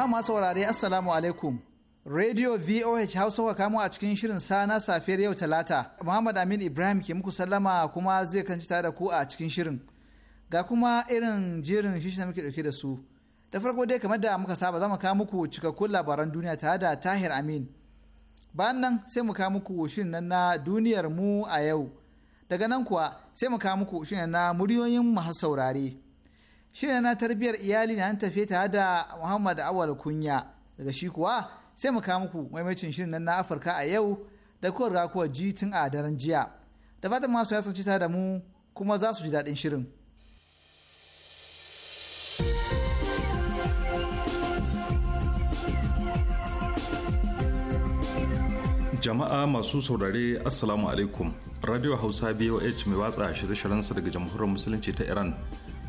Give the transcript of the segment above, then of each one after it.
Jama'a saurare Assalamu alaikum. Radio VOH Hausa kuka kamo a cikin shirin sana safiyar yau Talata. Muhammad Amin Ibrahim ke muku sallama kuma zai kanci tare da ku a cikin shirin. Ga kuma irin jerin shi da muke dauke da su. Da farko dai kamar da muka saba za mu kawo muku cikakkun labaran duniya tare da Tahir Amin. Bayan nan sai mu kawo muku shirin nan na duniyar mu a yau. Daga nan kuwa sai mu kawo muku shirin na muryoyin masu saurare. shirin na tarbiyyar iyali na an tafe tare da muhammad awal kunya daga shi kuwa sai mu kawo muku maimacin shirin nan na afirka a yau da kuwa riga kuwa ji tun a daren jiya da fatan masu ya sanci da mu kuma za su ji daɗin shirin. jama'a masu saurare assalamu alaikum radio hausa boh mai watsa shirye-shiryensa daga jamhuriyar musulunci ta iran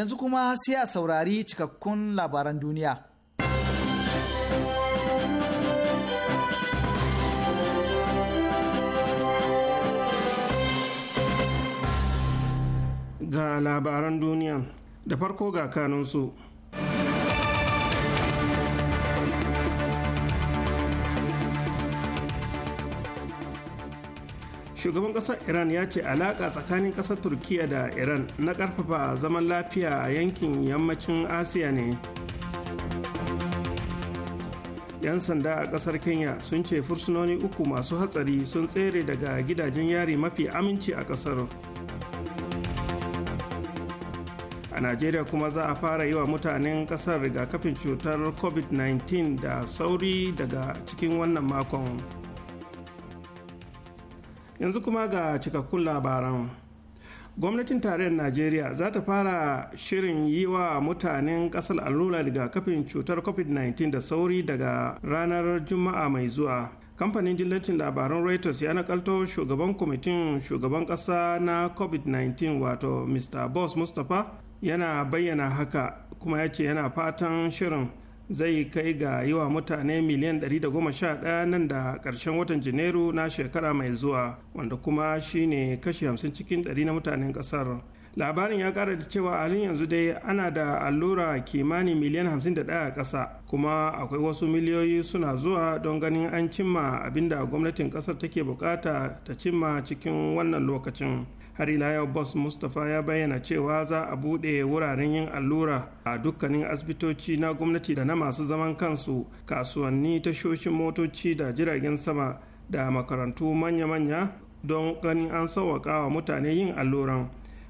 yanzu kuma sai a saurari cikakkun labaran duniya. Ga labaran duniya da farko ga kanunsu. shugaban kasar iran ya ce alaka tsakanin kasar turkiya da iran na karfafa zaman lafiya a yankin yammacin asiya ne yan sanda a kasar kenya sun ce fursunoni uku masu hatsari sun tsere daga gidajen yari mafi aminci a kasar a najeriya kuma za a fara yi wa mutanen kasar rigakafin cutar covid-19 da sauri daga cikin wannan makon. yanzu kuma ga cikakkun labaran gwamnatin tarayyar najeriya za ta fara shirin yi wa mutanen kasar allura rigakafin cutar covid-19 da sauri daga ranar juma'a mai zuwa kamfanin dillacin labaran reuters ya nakalto shugaban kwamitin shugaban kasa na covid-19 wato mr boss mustapha yana bayyana haka kuma ya ce yana fatan shirin zai kai ga yi wa mutane miliyan 111 nan da ƙarshen watan janairu na shekara mai zuwa wanda kuma shine kashi 50 cikin 100 na mutanen ƙasar labarin ya kara da cewa halin yanzu dai ana da allura kimanin miliyan 51 a ƙasa kuma akwai wasu miliyoyi suna zuwa don ganin an cimma abinda gwamnatin ƙasar take bukata ta cimma cikin wannan lokacin har ila yau boss mustapha ya bayyana cewa za a buɗe wuraren yin allura a dukkanin asibitoci na gwamnati da na masu zaman kansu kasuwanni tashoshin motoci da jiragen sama da makarantu manya-manya don ganin an sauwaƙa wa mutane yin alluran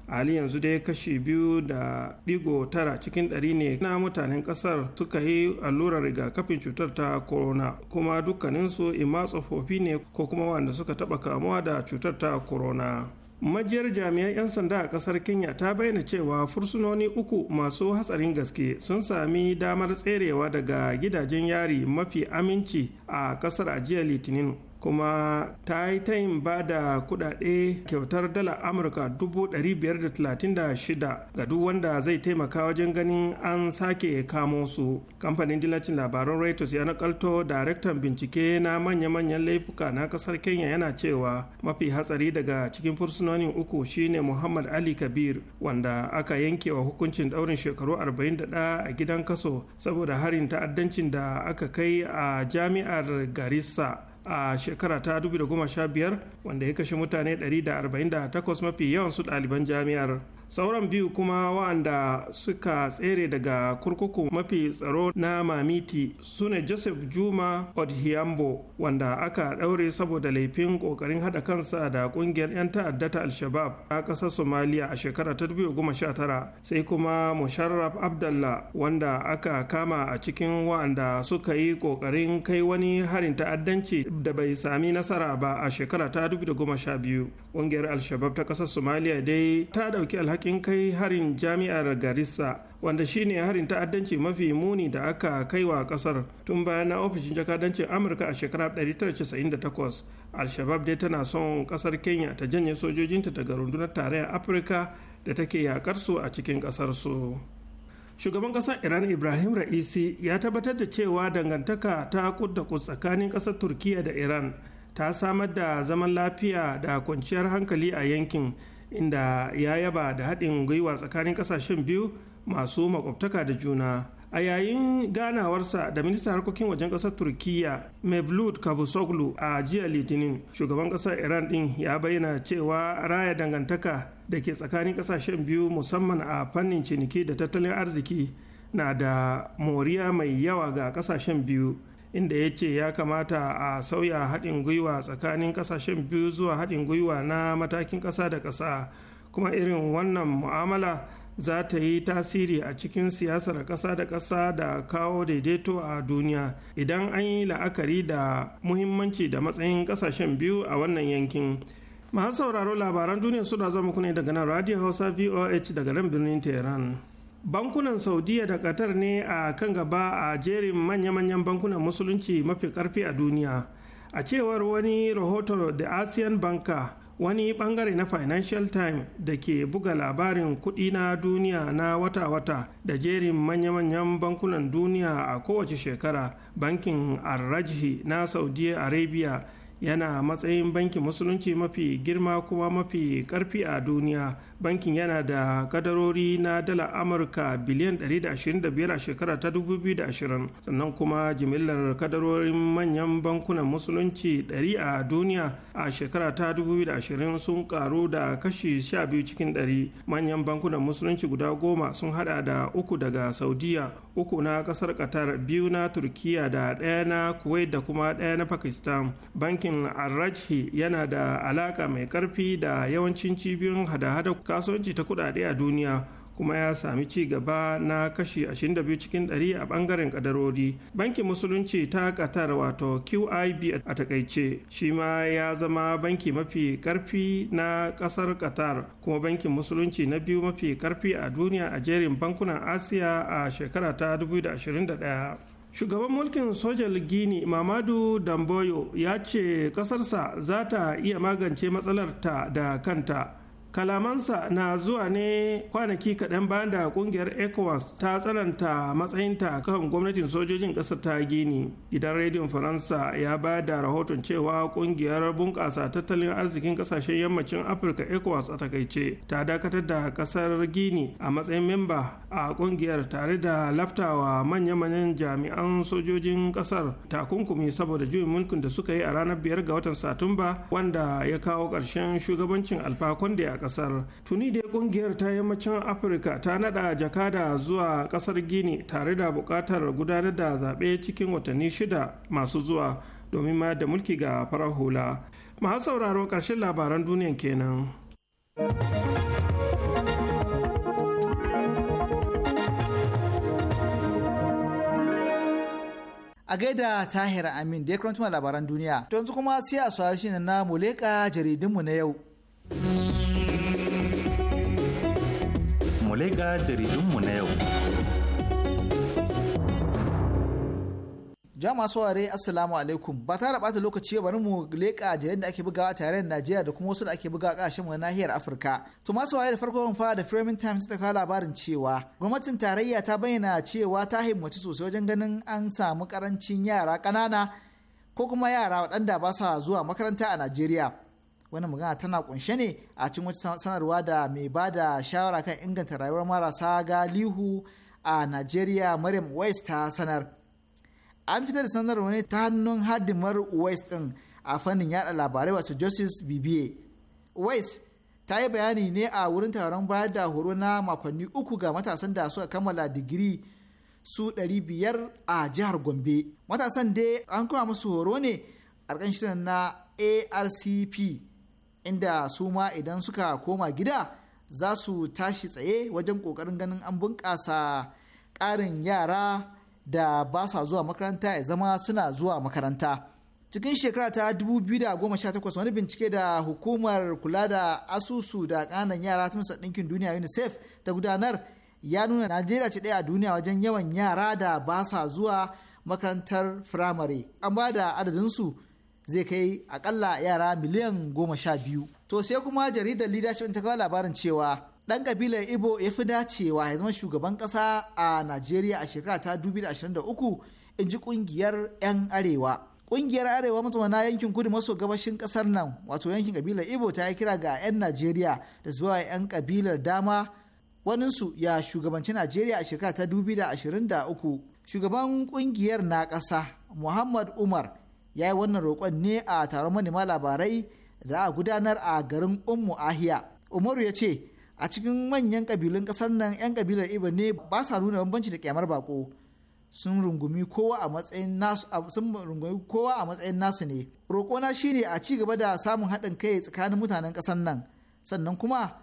Ali yanzu dai kashi biyu da digo tara cikin ɗari ne na mutanen ƙasar suka yi allurar rigakafin cutar ta corona kuma dukkaninsu imma tsofaffi ne ko kuma wanda suka taɓa kamuwa da cutar ta corona. majiyar jami'an 'yan sanda a kasar kenya ta bayyana cewa fursunoni uku masu hatsarin gaske sun sami damar tserewa daga gidajen yari mafi aminci a kasar a litinin kuma ta yi tayin ba da kudade kyautar dala amurka 536 ga duk wanda zai taimaka wajen ganin an sake kamo su kamfanin dillacin labaran reuters ya nakalto daraktan bincike na manya-manyan laifuka na kasar kenya yana cewa mafi hatsari daga cikin fursunonin uku shine muhammad ali kabir wanda aka yanke wa hukuncin daurin shekaru 41 a gidan kaso saboda harin ta'addancin da aka kai a jami'ar garissa a shekara ta 2015 wanda ya kashe mutane 148 mafi yawan su ɗaliban jami'ar sauran biyu kuma wa'anda suka tsere daga kurkuku mafi tsaro na mamiti su ne joseph juma odhiambo wanda aka ɗaure saboda laifin ƙoƙarin haɗa kansa da ƙungiyar 'yan ta'adda ta al-shabab a ƙasar somaliya a shekara ta 2019 sai kuma musharraf abdallah wanda aka kama a cikin wa'anda suka yi ƙoƙarin kai wani harin ta'addanci da bai sami nasara ba a shekara ta 2012 ƙungiyar al-shabab ta ƙasar somaliya dai ta ɗauki alhaki kin kai harin jami'ar garissa wanda shine harin ta'addanci mafi muni da aka kai wa kasar tun bayan na ofishin jakadancin amurka a shekarar 1998 al-shabab dai tana son kasar kenya ta janye sojojinta daga rundunar tarayyar afirka da take yakar su a cikin kasar su shugaban kasar iran ibrahim ra'isi ya tabbatar da cewa dangantaka ta kudda tsakanin kasar turkiya da iran ta samar da zaman lafiya da kwanciyar hankali a yankin inda ya yaba da haɗin gwiwa tsakanin ƙasashen biyu masu makwabtaka da juna a yayin ganawarsa da ministan harkokin wajen ƙasar turkiya mevlut kabusoglu a jiya litinin shugaban ƙasar iran ɗin ya bayyana cewa raya dangantaka da ke tsakanin ƙasashen biyu musamman a fannin ciniki da tattalin arziki na da moriya mai yawa ga ƙasashen biyu inda ya ce ya kamata a sauya haɗin gwiwa tsakanin ƙasashen biyu zuwa haɗin gwiwa na matakin ƙasa da ƙasa kuma irin wannan mu'amala za ta yi tasiri a cikin siyasar ƙasa da ƙasa da kawo daidaito a duniya idan an yi la'akari da muhimmanci da matsayin ƙasashen biyu a wannan yankin masu sauraro labaran duniya suna zama kuna ne daga nan radio hausa voh daga nan birnin tehran bankunan saudiya da qatar ne a kan gaba a jerin manya-manyan bankunan musulunci mafi karfi a duniya a cewar wani rahoto da asian banka wani bangare na financial time da ke buga labarin kudi na duniya na wata-wata da jerin manya-manyan bankunan duniya a kowace shekara bankin arrajhi na saudi arabia yana matsayin bankin musulunci mafi girma kuma mafi karfi a duniya bankin yana da kadarori na dala amurka biliyan 125 a shekara ta 2020 sannan kuma jimillar kadarorin manyan bankunan musulunci 100 a duniya a shekara ta 2020 sun karu da kashi 12 cikin 100 manyan bankunan musulunci guda goma sun hada da uku daga saudiya uku na kasar qatar biyu na turkiya da ɗaya na kuwait da kuma ɗaya na pakistan bankin arrajhi yana da alaka mai karfi da yawancin cibiyoyin hada-hada kasuwanci ta kudade a duniya kuma ya sami ci gaba na kashi 22 cikin 100 a bangaren kadarori bankin musulunci ta katar wato qib a takaice shi ma ya zama banki mafi karfi na kasar qatar kuma bankin musulunci na biyu mafi karfi a duniya a jerin bankunan asiya a shekara ta 2021 shugaban mulkin sojal gini mamadu damboyo ya ce kasarsa za ta iya magance matsalarta da kanta kalamansa na zuwa ne kwanaki kaɗan bayan da ƙungiyar ecowas ta tsananta matsayinta kan gwamnatin sojojin ƙasar ta gini gidan rediyon faransa ya ba da rahoton cewa ƙungiyar bunƙasa tattalin arzikin ƙasashen yammacin afirka ecowas a takaice ta dakatar da ƙasar gini a matsayin memba a ƙungiyar tare da laftawa manya-manyan jami'an sojojin ƙasar takunkumi saboda juyin mulkin da suka yi a ranar biyar ga watan satumba wanda ya kawo ƙarshen shugabancin alfa ya a kasar tuni dai kungiyar ta yammacin afirka ta nada jakada zuwa kasar gini tare da bukatar gudanar da zaɓe cikin watanni shida masu zuwa domin ma da mulki ga farar hula masu sauraro ƙarshen labaran duniyan kenan. a gaida tahir amin da ya karanta labaran duniya to yanzu kuma sai su shi na muleka jaridunmu na yau. ga jaridunmu na yau. Jama'a saurare Assalamu alaikum ba tare bata lokaci bari mu leƙa da da ake bugawa tare da Najeriya da kuma wasu da ake bugawa ƙasashen mu nahiyar Afirka. To masu da farko mun fara da Framing Times ta kawo labarin cewa gwamnatin tarayya ta bayyana cewa ta himmatu sosai wajen ganin an samu karancin yara ƙanana ko kuma yara waɗanda ba sa zuwa makaranta a Najeriya. wani magana tana kunshe ne a cikin wata sanarwa da mai ba da shawara kan inganta rayuwar marasa galihu a Najeriya Maryam West ta sanar. An fitar da sanarwa ne ta hannun hadimar West din a fannin yada labarai wato Justice BBA. West ta yi bayani ne a wurin taron bayar da horo na makonni uku ga matasan da suka kammala digiri su 500 a jihar Gombe. Matasan dai an kuma musu horo ne a na ARCP inda su ma idan suka koma gida za su tashi tsaye wajen kokarin ganin an bunƙasa ƙarin yara da ba sa zuwa makaranta ya zama suna zuwa makaranta. Cikin shekara ta 2018 wani bincike da hukumar kula da asusu da ƙananan yara ta Masar Ɗinkin Duniya UNICEF ta gudanar ya nuna Najeriya ce daya a duniya wajen yawan yara da ba sa zuwa makarantar firamare. An ba da adadinsu zai kai akalla yara miliyan goma sha biyu. To sai kuma jaridar leadership ta kawo labarin cewa ɗan kabilar Ibo ya fi dacewa ya zama shugaban ƙasa a Najeriya a shekara ta 2023 in ji ƙungiyar 'yan Arewa. Ƙungiyar Arewa mazauna yankin kudu maso gabashin ƙasar nan wato yankin kabilar Ibo ta yi kira ga 'yan Najeriya da su 'yan kabilar dama waninsu ya shugabanci Najeriya a shekara ta 2023. Shugaban ƙungiyar na ƙasa Muhammad Umar ya yi wannan roƙon ne a taron manema labarai da a gudanar a garin ummu ahiya umaru ya ce a cikin manyan ƙabilun ƙasar nan 'yan ƙabilar iba ne ba sa nuna bambanci da kyamar bako sun rungumi kowa a matsayin nasu sun rungumi kowa a matsayin nasu ne roƙona shine a ci gaba da samun haɗin kai tsakanin mutanen ƙasar nan sannan kuma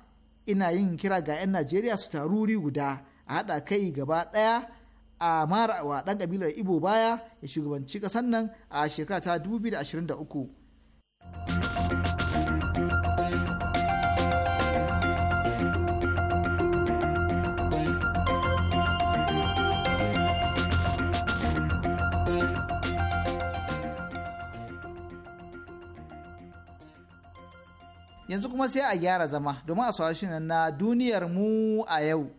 ina yin kira ga 'yan najeriya su taruri guda a haɗa kai gaba ɗaya a mara wa ɗan ƙabilar ibo baya ya shugabanci ƙasar nan a shekara ta 2023 Yanzu kuma sai a gyara zama domin a saurari na duniyar mu a yau.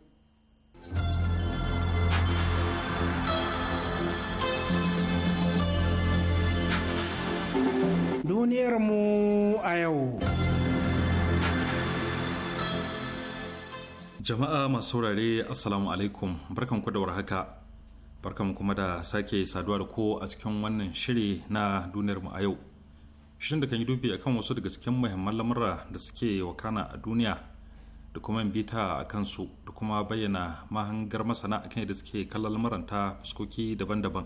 mu a yau. Jama'a masu saurare Assalamu alaikum barkanku da warhaka. mu kuma da sake saduwa da ko a cikin wannan shiri na duniyar mu a yau. Shirin da kan yi dubi akan wasu daga cikin muhimman lamura da suke wakana a duniya da kuma bita a kansu da kuma bayyana mahangar masana a kan yadda suke kallon lamuranta fuskoki daban-daban.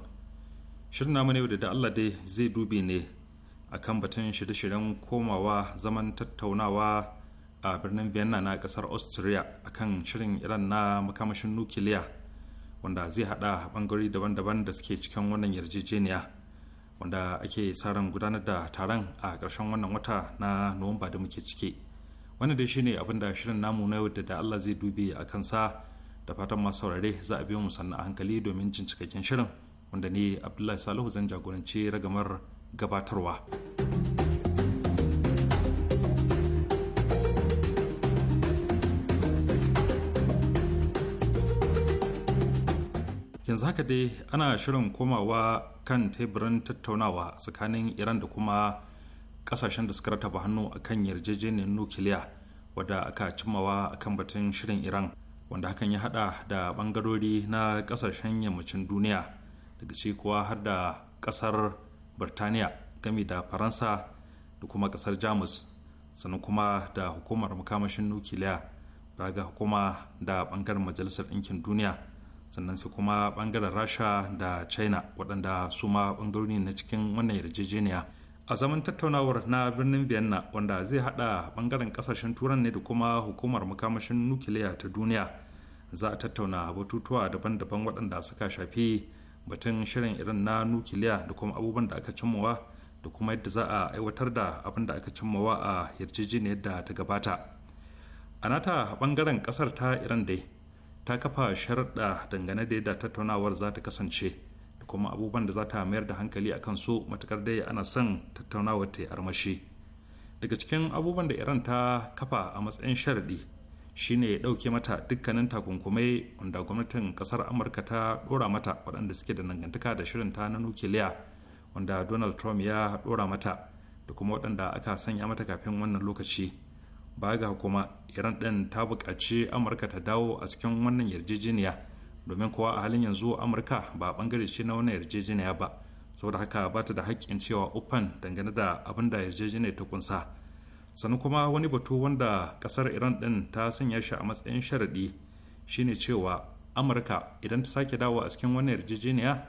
Shirin namu ne da Allah dai zai dubi ne akan batun shirye-shiryen komawa zaman tattaunawa a birnin vienna na kasar austria akan shirin iran na makamashin nukiliya wanda zai hada bangare daban-daban da suke cikin wannan yarjejeniya wanda ake tsarin gudanar da taron a ƙarshen wannan wata na nuwamba da muke cike wani dai shine abin da shirin namu na yau da allah zai dubi a kansa da fatan masu saurare za a biyo mu sannan a hankali domin jin cikakken shirin wanda ni abdullahi salihu zan jagoranci ragamar gabatarwa yanzu haka dai ana shirin komawa kan teburin tattaunawa tsakanin iran da kuma kasashen da suka rataba hannu a kan yarjejeniyar nukiliya wadda aka cimmawa a kan batun shirin iran wanda hakan ya hada da bangarori na kasashen yammacin duniya daga ci kuwa har da kasar birtaniya gami da faransa da kuma kasar jamus sannan kuma da hukumar makamashin nukiliya baya ga hukuma da bangaren majalisar ɗinkin duniya sannan sai kuma bangaren rasha da china waɗanda su ma bangarori na cikin wannan yarjejeniya a zaman tattaunawar na birnin vienna wanda zai hada bangaren kasashen turan ne da kuma hukumar makamashin nukiliya ta duniya za a tattauna batutuwa daban-daban waɗanda suka shafi batun shirin irin na nukiliya da kuma abubuwan da aka cimmawa da kuma yadda za a aiwatar da abin da aka cimmawa a yarjejeniyar da ta gabata a nata bangaren kasar ta iran dai ta kafa sharaɗa dangane da yadda tattaunawar za ta kasance da kuma abubuwan da za ta mayar da hankali a kan su matukar dai ana son tattaunawar ta yi armashi daga cikin abubuwan da iran ta kafa a matsayin sharaɗi shine ya ɗauke mata dukkanin takunkumai wanda gwamnatin kasar amurka ta dora mata waɗanda suke da dangantaka da shirin ta na nukiliya wanda donald trump ya dora mata da kuma waɗanda aka sanya mata kafin wannan lokaci ba ga hukuma iran ɗin ta bukaci amurka ta dawo a cikin wannan yarjejeniya domin kowa a halin yanzu amurka ba bangare ce na wannan yarjejeniya ba saboda haka ba ta da haƙƙin cewa upan dangane da abin da yarjejeniya ta kunsa sannan kuma wani batu wanda kasar iran din ta sanya shi a matsayin sharaɗi shine cewa amurka idan ta sake dawo a cikin wannan yarjejeniya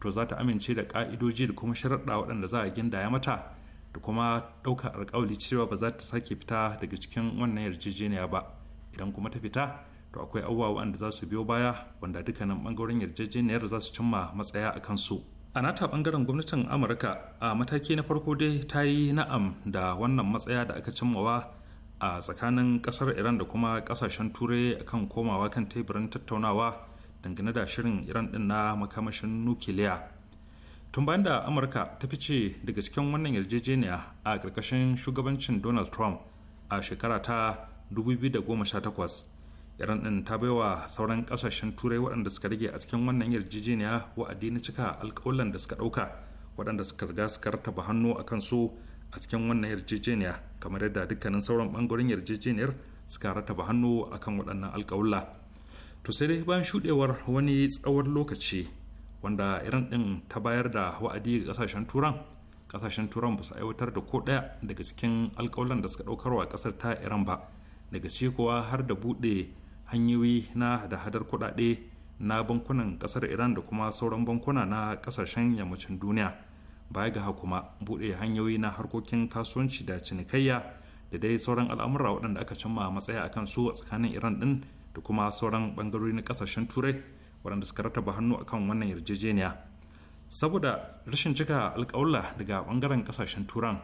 to za ta amince da ka'idoji da kuma sharaɗa waɗanda za a gindaya mata da kuma ɗaukar alkawali cewa ba za ta sake fita daga cikin wannan yarjejeniya ba idan kuma ta fita to akwai abubuwa waɗanda za su biyo baya wanda dukkanin ɓangaren yarjejeniyar za su cimma matsaya a kansu. su a nata bangaren gwamnatin amurka a mataki na farko dai ta yi na'am da wannan matsaya da aka cimmawa a tsakanin kasar iran da kuma kasashen turai kan komawa kan teburin tattaunawa dangane da shirin iran din na makamashin nukiliya tun bayan da amurka ta fice daga cikin wannan yarjejeniya a ƙarƙashin shugabancin donald trump a shekara ta 2018 iran din ta baiwa sauran kasashen turai waɗanda suka rage a cikin wannan yarjejeniya wa'adi na cika alƙawalan da suka ɗauka waɗanda suka riga suka rataba hannu a kan su a cikin wannan yarjejeniya kamar yadda dukkanin sauran ɓangaren yarjejeniyar suka rataba hannu a kan waɗannan alƙawalla to sai dai bayan shuɗewar wani tsawon lokaci wanda iran din ta bayar da wa'adi ga kasashen turan kasashen turan ba su aiwatar da ko ɗaya daga cikin alƙawalan da suka ɗaukarwa ƙasar ta iran ba daga ce kuwa har da buɗe hanyoyi na hada-hadar kuɗaɗe na bankunan ƙasar iran da kuma sauran bankuna na ƙasashen yammacin duniya baya ga kuma buɗe hanyoyi na harkokin kasuwanci da cinikayya da dai sauran al'amura waɗanda aka cimma matsaya a kan su a tsakanin iran ɗin da kuma sauran ɓangarori na ƙasashen turai waɗanda suka rataba hannu kan wannan yarjejeniya saboda rashin cika alƙawla daga ɓangaren ƙasashen turan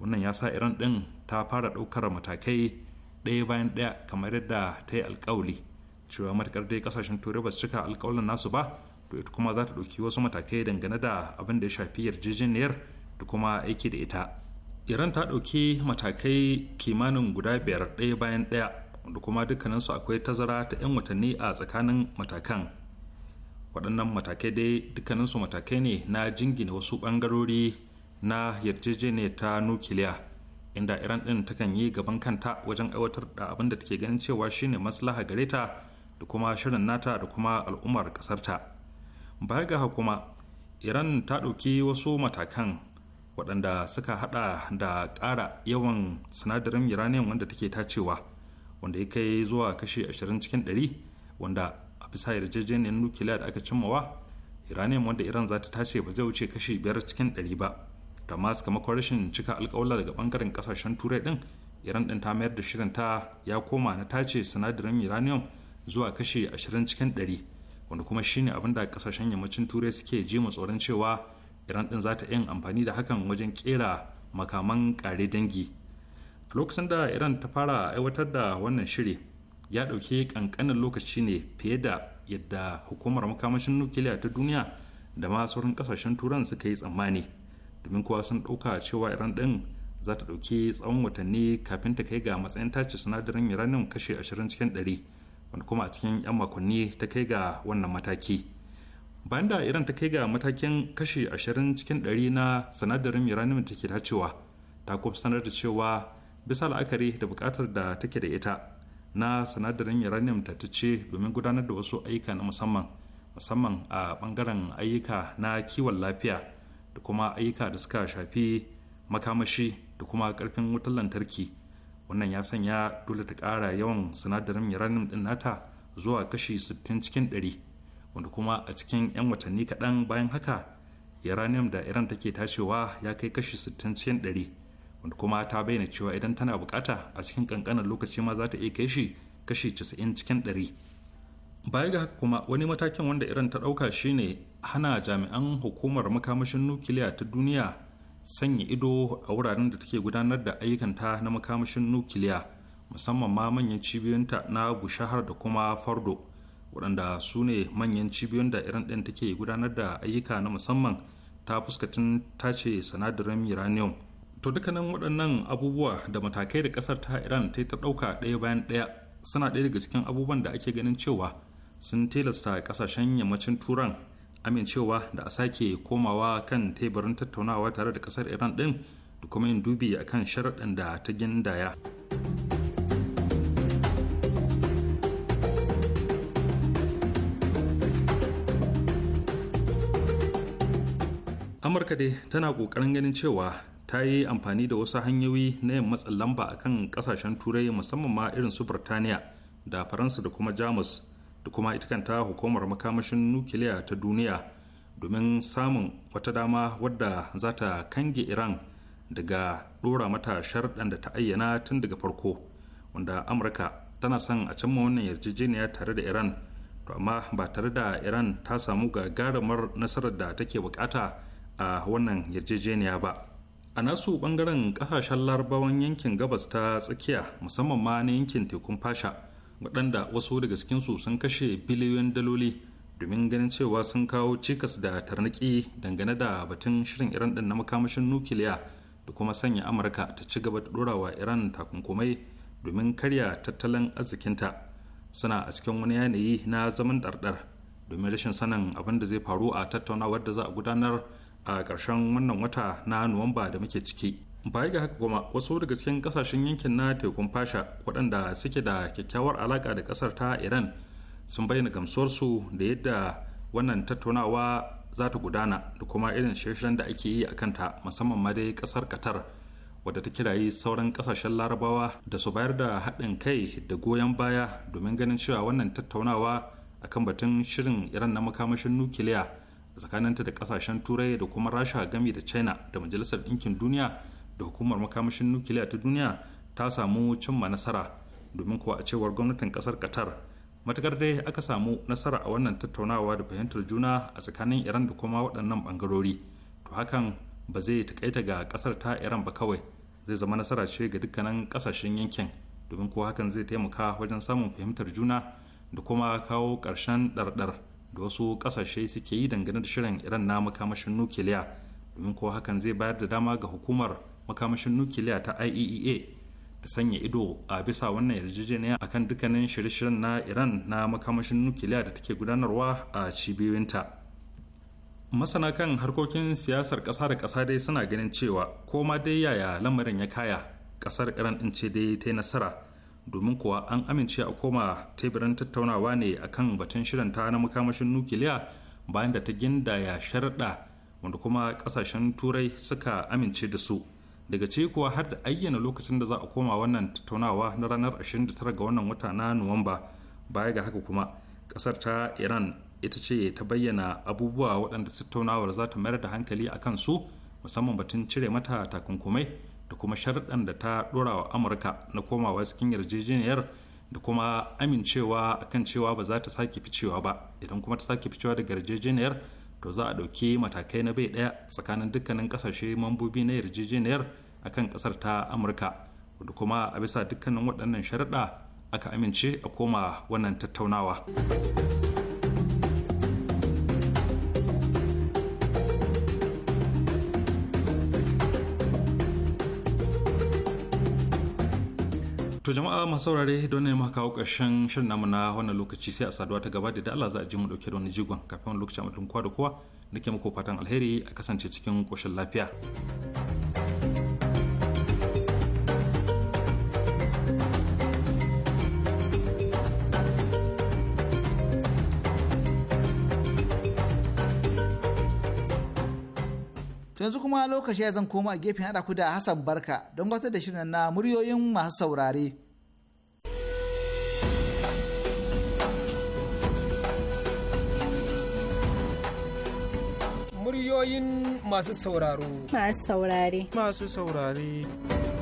wannan ya sa iran ɗin ta fara ɗaukar matakai ɗaya bayan ɗaya kamar yadda ta yi alkawali cewa matakar dai kasashen turai ba su cika alkawalin nasu ba to ita kuma za ta ɗauki wasu matakai dangane da abin da ya shafi yarjejeniyar da kuma aiki da ita iran ta ɗauki matakai kimanin guda biyar ɗaya bayan ɗaya wanda kuma dukkaninsu akwai tazara ta 'yan watanni a tsakanin matakan waɗannan matakai dai dukkaninsu matakai ne na jingina wasu ɓangarori na yarjejeniyar ta nukiliya inda iran ɗin takan yi gaban kanta wajen aiwatar da abin da take ganin cewa shine maslaha gare ta da kuma shirin nata da kuma al'ummar ta baya ga kuma iran ta ɗauki wasu matakan waɗanda suka hada da ƙara yawan sinadarin uranium wanda take tacewa wanda ya kai zuwa kashi 20 cikin 100 wanda a bisa yarjejeniyar nukiliya da aka cimmawa iranian wanda iran za ta tace ba zai wuce kashi 5 cikin 100 ba ta ma kama rashin cika alkawalla daga bangaren kasashen turai din iran din ta mayar da shirin ta ya koma na tace sinadarin uranium zuwa kashi 20 cikin 100 wanda kuma shine abin da kasashen yammacin turai suke ji mu tsoron cewa iran din za ta yin amfani da hakan wajen kera makaman kare dangi a lokacin da iran ta fara aiwatar da wannan shiri ya ɗauki ƙanƙanin lokaci ne fiye da yadda hukumar makamashin nukiliya ta duniya da ma sauran kasashen turan suka yi tsammani domin kuwa sun ɗauka cewa iran ɗin za ta ɗauki tsawon watanni kafin ta kai ga matsayin tace sinadarin uranium kashe 20 cikin 100 wanda kuma a cikin 'yan makonni ta kai ga wannan mataki bayan da iran ta kai ga matakin kashe 20 cikin 100 na sinadarin uranium da ke dacewa ta kuma sanar da cewa bisa la'akari da bukatar da take da ita na sinadarin uranium ta ce domin gudanar da wasu ayyuka na musamman musamman a bangaren ayyuka na kiwon lafiya da kuma ayyuka da suka shafi makamashi da kuma karfin wutar lantarki wannan ya sanya dole ta kara yawan sinadarin uranium din nata zuwa kashi 60 cikin 100 wanda kuma a cikin 'yan watanni kaɗan bayan haka uranium da iran take tashewa ya kai kashi 60 cikin 100 wanda kuma ta bayyana cewa idan tana bukata a cikin kankanin lokaci ma za ta iya kai shi kashi 90 cikin 100 baya ga haka kuma wani matakin wanda iran ta ɗauka shine hana jami'an hukumar makamashin nukiliya ta duniya sanya ido a wuraren da take gudanar da ayyukanta na makamashin nukiliya musamman ma manyan cibiyoyinta na bushahar da kuma fardo waɗanda su ne manyan cibiyoyin da iran ɗin take gudanar da ayyuka na musamman ta fuskatin tace sinadarin uranium to dukkanin waɗannan abubuwa da matakai da ƙasar ta iran ta ta ɗauka ɗaya bayan ɗaya suna ɗaya daga cikin abubuwan da ake ganin cewa sun tilasta kasashen yammacin turan amincewa da a sake komawa kan teburin tattaunawa tare da kasar iran din da kuma yin dubi a kan sharaɗin da ta gindaya. amurka dai tana ƙoƙarin ganin cewa ta yi amfani da wasu hanyoyi na yin matsin lamba a kan kasashen turai musamman ma irin su birtaniya da faransa da kuma jamus da kuma ita kanta hukumar makamashin nukiliya ta duniya domin samun wata dama wadda za ta kange iran daga dora mata sharɗan da ta ayyana tun daga farko wanda amurka tana son a cimma wannan yarjejeniya tare da iran to amma ba tare da iran ta samu gagarumar nasarar da take bukata a wannan yarjejeniya ba a nasu ɓangaren kasashen larabawan yankin gabas ta tsakiya musamman ma na yankin tekun fasha waɗanda wasu daga cikinsu sun kashe biliyoyin daloli domin ganin cewa sun kawo cikas da tarniki dangane da batun shirin iran ɗin na makamashin nukiliya da kuma sanya amurka ta ci gaba da ɗorawa iran takunkumai domin karya tattalin arzikinta suna a cikin wani yanayi na zaman ɗarɗar domin rashin sanin abin da zai faru a tattaunawar da za a gudanar a ƙarshen wannan wata na nuwamba da muke ciki baya ga haka kuma wasu daga cikin kasashen yankin na tekun fasha waɗanda suke da kyakkyawar alaka da ƙasar ta iran sun bayyana gamsuwarsu da yadda wannan tattaunawa za ta gudana da kuma irin shirye-shiryen da ake yi a kanta musamman ma dai ƙasar qatar wadda ta kirayi sauran kasashen larabawa da su bayar da haɗin kai da goyon baya domin ganin cewa wannan tattaunawa akan batun shirin iran na makamashin nukiliya tsakaninta da ƙasashen turai da kuma rasha gami da china da majalisar ɗinkin duniya da hukumar makamashin nukiliya ta duniya ta samu cimma nasara domin kuwa a cewar gwamnatin kasar qatar matakar dai aka samu nasara a wannan tattaunawa da fahimtar juna a tsakanin iran da kuma waɗannan ɓangarori to hakan ba zai takaita ga ƙasar ta iran ba kawai zai zama nasara ce ga dukkanin ƙasashen yankin domin kuwa hakan zai taimaka wajen samun fahimtar juna da kuma kawo ƙarshen ɗarɗar da wasu ƙasashe suke yi dangane da shirin iran na makamashin nukiliya domin kuwa hakan zai bayar da dama ga hukumar makamashin nukiliya ta iaea e da sanya ido a bisa wannan yarjejeniya akan dukkanin shirye-shiryen na iran na makamashin nukiliya da take gudanarwa a cibiyoyinta masana kan harkokin siyasar ƙasa da ƙasa dai suna ganin cewa koma dai yaya lamarin ya kaya ƙasar iran ɗin ce dai ta nasara domin kuwa an amince a koma teburin tattaunawa ne akan batun shirin ta na makamashin nukiliya bayan da ta ya sharaɗa wanda kuma ƙasashen turai suka amince da su daga cekuwa kuwa har da ayyana lokacin da za a koma wannan tattaunawa na ranar 29 ga wannan wata na nuwamba baya ga haka kuma kasar ta iran ita ce ta bayyana abubuwa waɗanda tattaunawar za ta mayar da hankali a kan su musamman batun cire mata takunkumai da kuma sharɗan da ta ɗora wa amurka na komawa cikin yarjejeniyar da kuma amincewa akan cewa ba za ta sake ficewa ba idan kuma ta sake ficewa daga yarjejeniyar to za a ɗauki matakai na bai ɗaya tsakanin dukkanin ƙasashe mambobi na yarjejeniyar a kan ƙasar ta amurka wadda kuma a bisa dukkanin waɗannan sharaɗa aka amince a koma wannan tattaunawa. to jama'a masu saurare don ne maka kawo karshen shirin namu na wannan lokaci sai a saduwa ta gaba da Allah za a ji mu dauke da wani jigon kafin lokacin mutum kowa da kowa nake muku fatan alheri a kasance cikin koshin lafiya. yanzu kuma lokaci ya zan koma a gefen haɗa ku da Hassan Barka don gabatar da shirin na muryoyin masu saurare. Muryoyin masu sauraro. Masu saurare. Masu saurare.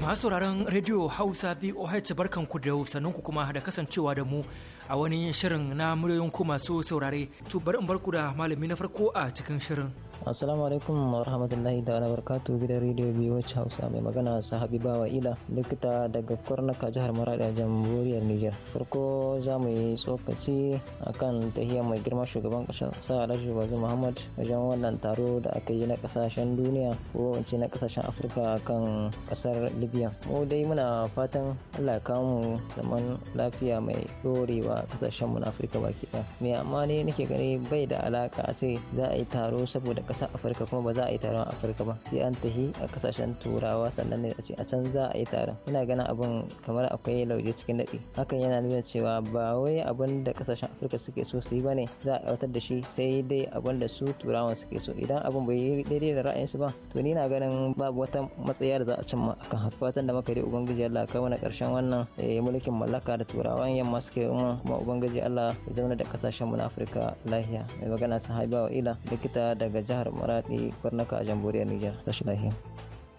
Masu sauraron rediyo Hausa VOH ku da ku kuma da kasancewa da mu a wani shirin na muryoyin ku masu saurare. To in barku da malami na farko a cikin shirin. Assalamu alaikum wa rahmatullahi da barakatuh gidan rediyo biyu wacce Hausa mai magana su habiba wa ila likita daga kwarnaka jihar Maradi a jamhuriyar nijar Farko za mu yi tsokaci akan tahiyar mai girma shugaban kasar sa Alhaji Bazu Muhammad wajen wannan taro da aka yi na kasashen duniya ko in ce na kasashen Afirka kan kasar Libya. Mu dai muna fatan Allah ya kawo mu zaman lafiya mai ɗorewa kasashen mu na Afirka baki ɗaya. Me amma ne nake gani bai da alaka a ce za a yi taro saboda ƙasar afirka kuma ba za a yi taron afirka ba sai an tahi a kasashen turawa sannan ne a ce a can za a yi taron ina ganin abin kamar akwai lauje cikin daɗi hakan yana nuna cewa ba wai abin da kasashen afirka suke so su yi ba ne za a da shi sai dai abin da su turawan suke so idan abin bai yi daidai da ra'ayinsu ba to ni na ganin babu wata matsaya da za a cimma akan fatan da muka dai ubangiji Allah kai mana karshen wannan eh, mulkin mallaka da turawan yamma suke yi kuma ubangiji Allah ya zama da kasashen mu na afirka lahiya mai magana sahaba wa ila likita daga jihar مرٹھی پر نکا جس نہیں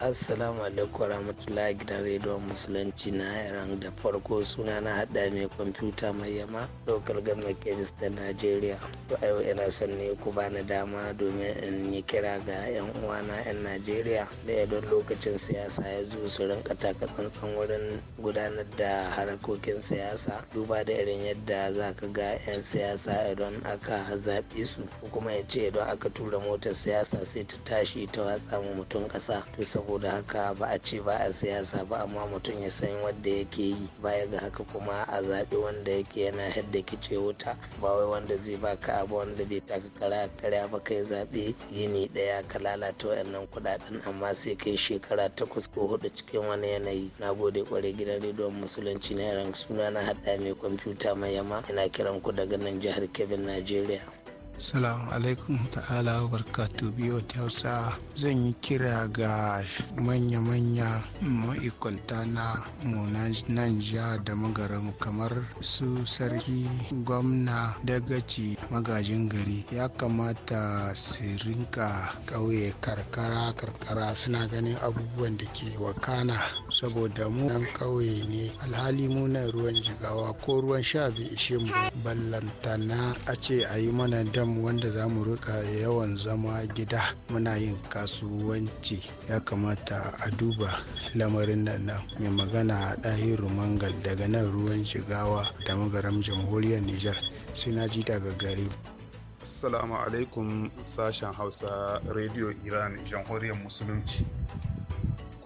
assalamu alaikum warahmatullahi gidan rediyon musulunci na iran da farko suna na hada mai kwamfuta mai yama local government kebis ta nigeria to ayo ina son ne ku ni dama domin in yi kira ga yan uwana yan nigeria da ya don lokacin siyasa ya zo su rinka taka tsantsan wurin gudanar da harkokin siyasa duba da irin yadda za ka ga yan siyasa idan aka zaɓi su ko kuma ya ce idan aka tura motar siyasa sai ta tashi ta watsa mutum ƙasa to saboda haka ba a ce ba a siyasa ba amma mutum ya san wanda yake yi baya ga haka kuma a zaɓi wanda yake yana hadda kice wuta ba wai wanda zai baka abu wanda bai taka kara kara ba kai zaɓe yini daya ka lalata wayannan kuɗaɗen amma sai kai shekara takwas ko hudu cikin wani yanayi na gode kware gidan rediyon musulunci na yaran suna na haɗa mai kwamfuta mai yama ina kiran ku daga nan jihar kebbi najeriya Salamu alaikum ta'ala barkatu biyo hausa zan yi kira ga manya-manya ma'ikwanta na nan ja da magaram kamar su sarki gwamna dagaci magajin gari ya kamata su rinka ƙauye karkara karkara suna ganin abubuwan da ke wakana saboda mu nan ƙauye ne alhali mu ruwan jigawa ko ruwan sha bai ishe mu ballantana a ce a yi mana dam mu wanda za mu rika yawan zama gida muna yin kasuwanci ya kamata a duba lamarin nan na mai magana a ɗahiru mangal daga nan ruwan shigawa da magaram jamhuriyar nijar sai na ji daga gare Assalamu alaikum sashen Hausa Radio Iran Jamhuriyar Musulunci.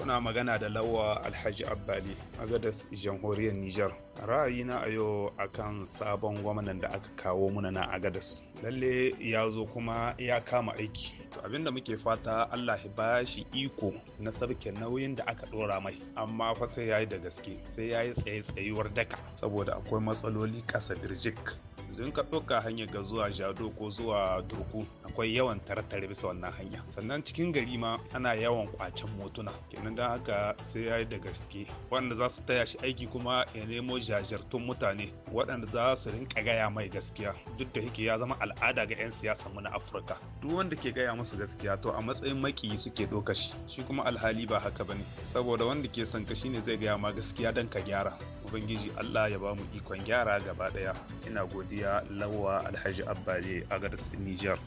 kuna magana da lawa alhaji abbali a gadas jamhuriyar nijar ra'ayina a yau akan sabon gwamnan da aka kawo muna na agadas lalle ya zo kuma ya kama aiki To abinda muke fata allah ya ba shi iko na sarke nauyin da aka dora mai amma fa sai ya yi da gaske sai ya yi tsaye tsayuwar daka saboda akwai matsaloli kasa birjik in ka ɗauka hanyar ga zuwa jado ko zuwa turku akwai yawan tartare bisa wannan hanya sannan cikin gari ma ana yawan kwacen motuna kenan don haka sai ya yi da gaske Wanda za su taya shi aiki kuma ya nemo jajirtun mutane waɗanda za su rinka gaya mai gaskiya duk da yake ya zama al'ada ga 'yan siyasa mu na afirka duk wanda ke gaya musu gaskiya to a matsayin makiyi suke ɗauka shi shi kuma alhali ba haka ba ne. saboda wanda ke son ka ne, zai gaya ma gaskiya dan ka gyara ubangiji allah ya ba mu ikon gyara gaba ɗaya ina godiya ya lawa alhaji abbali a gadas niger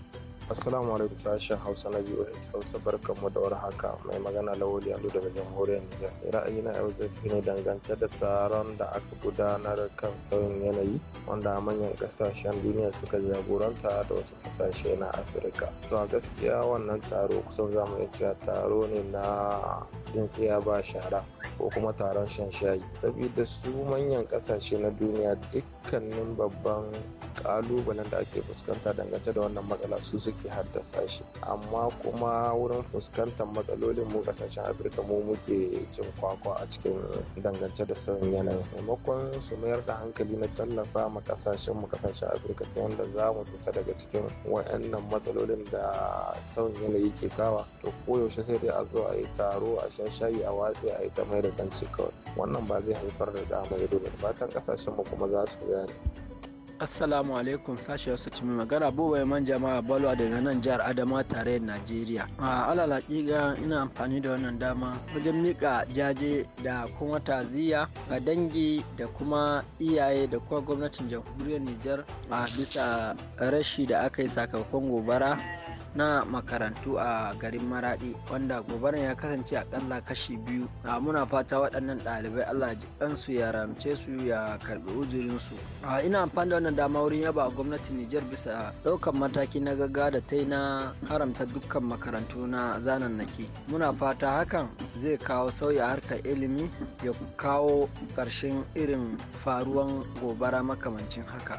Assalamu alaikum sashen Hausa na biyu ta Hausa barkanmu da war haka mai magana Lawali Alu daga jamhuriyar Nijar. Ra'ayina yau zai ne dangance da taron da aka gudanar kan sauyin yanayi wanda manyan kasashen duniya suka jagoranta da wasu kasashe na Afirka. To a gaskiya wannan taro kusan zamu iya taro ne na tsintsiya ba shara. ko kuma taron shan shayi saboda su manyan kasashe na duniya dukkanin babban kalubalen da ake fuskanta dangance da wannan matsala su suke haddasa shi amma kuma wurin fuskantar matsalolin mu kasashen afirka mu muke cin kwakwa a cikin dangance da sauyin yanayi maimakon su mayar da hankali na tallafa ma kasashen mu kasashen afirka ta yadda za mu fita daga cikin wa'annan matsalolin da sauyin yanayi ke kawa to koyaushe sai dai a zo a yi taro a shan shayi a watsi a yi ta mai mai da kanci kawai wannan ba zai haifar da dama mai ido ba fatan kasashen mu kuma za su gane Assalamu alaikum sashi wasu cimi magana bubai man jama'a balwa daga nan jihar Adama tare tarayyar Najeriya. A alalaki ga ina amfani da wannan dama wajen mika jaje da kuma taziya ga dangi da kuma iyaye da kuma gwamnatin jamhuriyar Nijar a bisa rashi da aka yi sakamakon gobara na makarantu a garin maradi wanda gobaran ya kasance a akalla kashi biyu a muna fata waɗannan ɗalibai allah ji ya ramce su ya karɓi uzurinsu a ina amfani da wannan dama wurin yaba a gwamnatin nijar bisa ɗaukan mataki na gaga da ta na haramta dukkan makarantu na zanannaki muna fata hakan zai kawo sauya harkar ilimi ya kawo ƙarshen irin faruwan gobara makamancin haka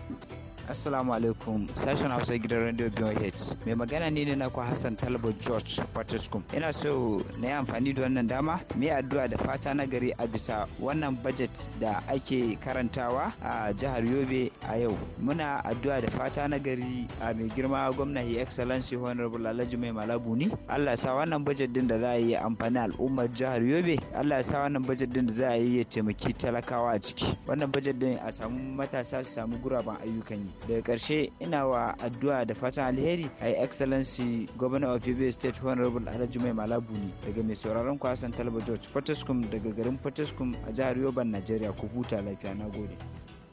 Assalamu alaikum sashen Hausa gidan Radio BOH. Mai magana ne na naku Hassan Talbot George Patiskum. Ina so na yi amfani da wannan dama me addu'a da fata na gari a bisa wannan budget da ake karantawa a jihar Yobe a yau. Muna addu'a da fata na gari a mai girma gwamna His Excellency Honorable Alhaji Mai Malabu ne. Allah sa wannan budget din da za a yi amfani al'ummar jihar Yobe. Allah sa wannan budget din da za a yi ya taimaki talakawa a ciki. Wannan budget din a samu matasa su samu guraben ayyukan yi. daga karshe ina wa addu'a da fatan alheri a excellency governor of Ibe state honorable alhaji mai malabuni daga mai sauraron kwasan talba george potoskum daga garin potoskum a jihar yoban nigeria ku huta lafiya na gode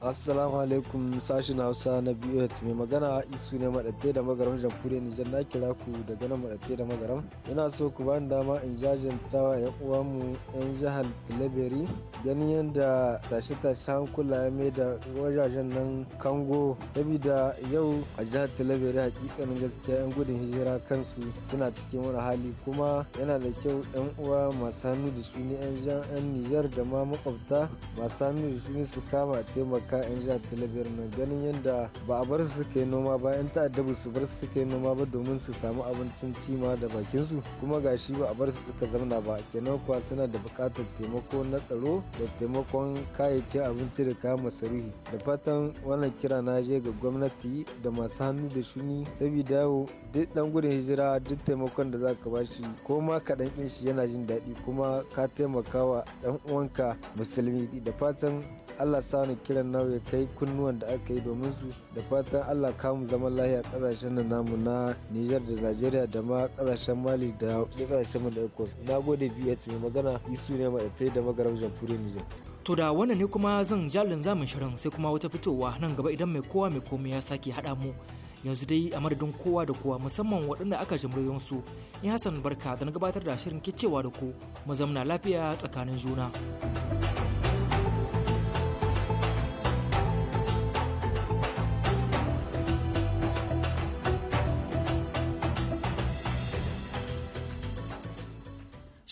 assalamu alaikum sashen hausa na biyu mai magana isu ne maɗaɗɗe da magaram jamhuriyar nijar na kira ku daga nan maɗaɗɗe da magaram ina so ku bani dama in jajanta wa yan uwanmu yan jihar tilaberi ganin yadda tashe-tashe hankula ya mai da wajajen nan kango sabida yau a jihar tilabiri hakikanin gaskiya yan gudun hijira kansu suna cikin wani hali kuma yana da kyau yan uwa masu hannu da su ne yan nijar da ma makwabta masu hannu da su ne su kama taimaka haka yan jihar talabiyar mai ganin yadda ba a bar su noma ba yan ta'adda ba su bar su noma ba domin su samu abincin cima da bakin su kuma gashi ba a bar su suka zamna ba kenan kuwa suna da bukatar taimako na tsaro da taimakon kayayyakin abinci da kayan masarufi da fatan wannan kira na je ga gwamnati da masu hannu da shuni saboda yau duk dan gudun hijira duk taimakon da za ka ba shi ko ma kaɗan ɗin shi yana jin daɗi kuma ka taimaka wa ɗan uwanka musulmi da fatan allah sa ni kiran namu ya kai kunnuwan da aka yi domin su da fatan allah kamu zaman lahiya kasashen nan namu na nijar da najeriya da ma kasashen mali da kasashen mu da ecos na gode biyu mai magana isu ne ma da magaram jamhuriyar nijar To da wannan ne kuma zan jalin zamin shirin sai kuma wata fitowa nan gaba idan mai kowa mai komai ya sake haɗa mu yanzu dai a madadin kowa da kowa musamman waɗanda aka jimriyon su in Hassan barka da na gabatar da shirin kicewa da ku mu zamna lafiya tsakanin juna.